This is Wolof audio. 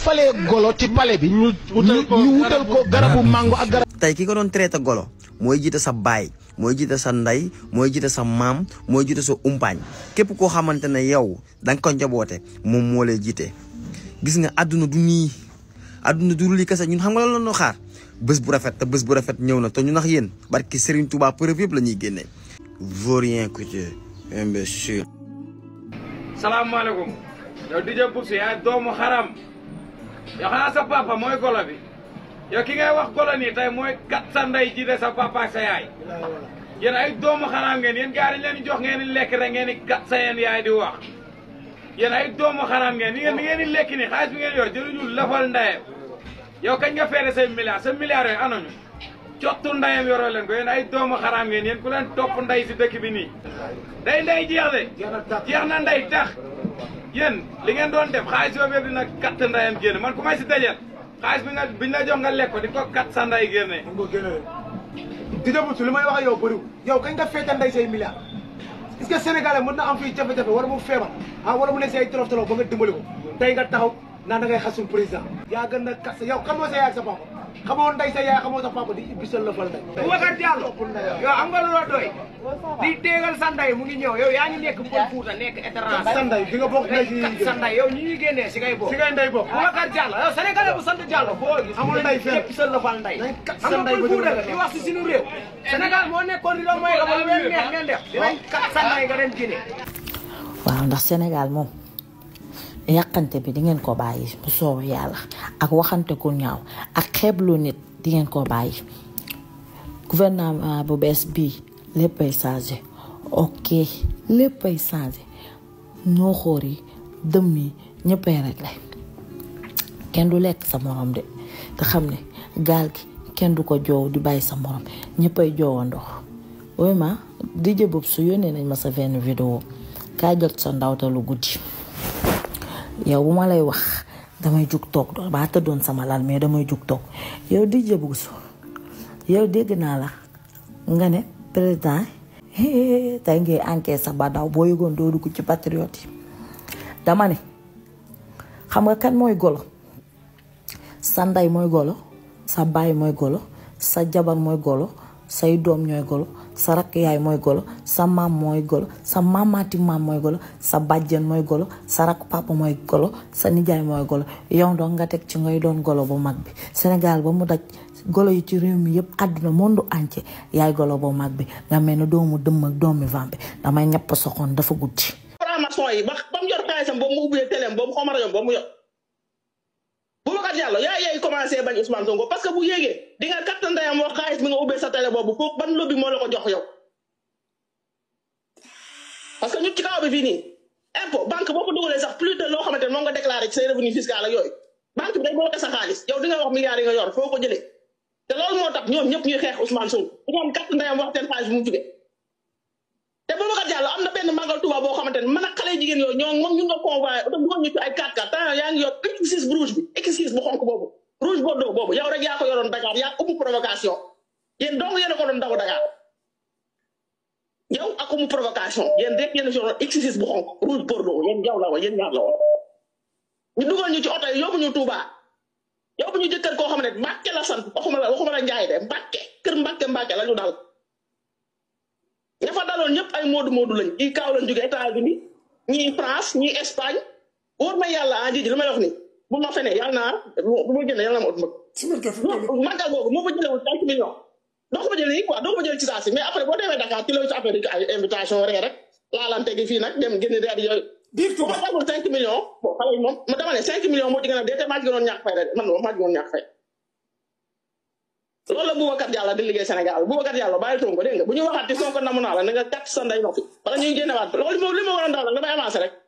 falee golo ci palais bi. ñu wutal ko garabu mango ak garab. tey ki ko traité golo mooy jiite sa baay mooy jiite sa ndey mooy jiite sa maam mooy jiite sa umpaañ képp koo xamante yow da nga ko njaboote moom moo lay jiite. gis nga àdduna du nii àdduna du lii kese ñun xam nga lan la xaar bés bu rafet te bés bu rafet ñëw na te ñu nax barki Serigne Touba preuve imbécile. yow DJ xaram. yow xanaa sa papa mooy golo bi yow ki ngay wax golo nii tey mooy kat sa ndey ji de sa papa ak sa yaay yéen ay doomu xaraam ngeen yéen gars yi dañ jox ngeen i lekk rek ngeen di kat sa yeen yaay di wax yéen ay doomu xaraam ngeen ni ngeen ni di lekk nii xaalis bi ngeen yor jëluñu lafal ndeyam yow kañ nga feere say milliards sa milliards yooyu anoñu cottu ndayam yoroo leen ko yéen ay doomu xaraam ngeen yéen ku leen topp nday si dëkk bi nii day nday jeex de jeex na nday tax yéen li ngeen doon def xaalis yooyu dina katt ndayam génn man ku may si dajeel xaalis bi nga nga lekk di ko kat sa nday génne. di dem li may wax ak yow bëriwul yow kañ nga feete nday say milliards est-ce que sénégalais mën na am fii jafe-jafe wala mu feebar ah wala mu nekk si ay tolof tolof ba a dimbali ko tey nga taxaw naan da ngay xasul président. yaa gën a kat sa yow kan moo sa yaay ak xamoo nday sa yaay xamoo sa papa di bisal la fal nday Boubacar Diallo yow am nga loo doy di dégal sa nday mu ngi ñëw yow yaa ngi nekk Pël Fuuta nekk étranger sa nday fi nga bokk sa nday yow ñi ñuy génnee si ngay bokk si ngay nday bokk Boubacar Diallo yow sénégalais bu sant Diallo boo gis amul nday fenn bisal la fal nday xam nga Pël Fuuta la di wax si suñu réew Sénégal moo nekkoon di doon mooy xamal leen neex ngeen def dinañ kat sa nday nga dem Guinée waaw ndax Sénégal moom yàqante bi di ngeen ko bàyyi bu soobee yàlla ak waxante ku ñaaw ak xeeblu nit di ngeen ko bàyyi gouvernement bu bees bii léppay changé ok léppay changé ñoo xóor yi dëmm yi ñëppay réglé kenn du lekk sa morom de te xam ne gaal gi kenn du ko joow di bàyyi sa morom ñëppay joowandoo vraiment di jëbëb su yónnee nañ ma sa venn vidéo kaa jot sa lu guddi yow bu ma lay wax damay jug toog do ba tëddoon sama lal mais damay jug toog yow di jëbuus yow dégg naa la nga ne président tey ngay enquête sax ba daw boo yëgoon doo dugg ci patriote yi dama ne xam nga kan mooy golo sa ndey mooy golo sa baay mooy golo sa jabar mooy golo say doom ñooy golo sa rakk yaay mooy golo sa maam mooy golo sa maamaati maam mooy golo sa bàjjen mooy golo sa rakk papa mooy golo sa nijaay mooy golo yow doon nga teg ci ngay doon golo bu mag bi senegaal ba mu daj golo yi ci réew mi yépp àdduna monde entier yaay golo bu mag bi nga mel ne doomu dëmm ak doomi vampe damay ñepp soxoon dafa guddi. ba mu yor xaalisam ba mu ubbee teleem ba mu xomar yoon ba mu yor Boubacar Diallo yaa yaay commencé bañ Ousmane Sonko parce que bu yéegee di nga kattan wax xaalis bi nga ubbee sa télé boobu foofu ban lobby moo la jox yow. parce que ñu ci kaw bi fii nii impôt banque boo ko dugalee sax plus de loo xamante ne moom nga déclaré ci say revenu fiscal ak yooyu banque bi ko jëlee te loolu moo tax ñoom ñëpp ñuy xeex Ousmane Sonko bu moom kattan ndeyam wax seen xaalis mu jugee. té bu Diallo am amna benn magal tuba bo xamante ne man ak xale jigéen yooyu ñoo moom ñu nga auto bu ko ñu ci ay 4 4 temps yaa ngi yor X6 bu rouge bi X6 bu xonku bobu rouge bo do bobu yow rek ya ko yoroon Dakar yaa umu provocation yeen dong yeen ko doon daw Dakar yow ak provocation yeen rek yeen a yoroon X6 bu xonku rouge bo do yeen yow la wa yeen ñaar la wa ñu dugal ñu ci auto yi yóbbu ñu Touba yóbbu ñu jëkkal ko xam ne la sant waxuma la waxuma la jaay de Mbàkke kër Mbàkke Mbàkke la ñu dal ña fa daloon ñëpp ay moodu moodu lañ ñii kaaw lañ jóge états France ñii Espagne wóor ma yàlla ah jiji li may wax ni bu ma fene yàlla naa bu ma génne yàlla naa ma ut mbëgg màggal moo ko jëlewul cinq ma après boo demee Dakar ci la ci affaire yi invitation ree rek laalante gi fii nag dem génn yooyu biir Touba boo xamul cinq millions moom ma dama ne cinq millions moo ci dee te maa ci gënoon ñàkk loolu la Boubacar Diallo di liggéey Sénégal Boubacar Diallo bàyyi Sonko dégg nga bu ñu waxaat ci Sonko namu naa la na nga kat sa nday noppi bala ñuy loolu li ma war a la damay avancer rek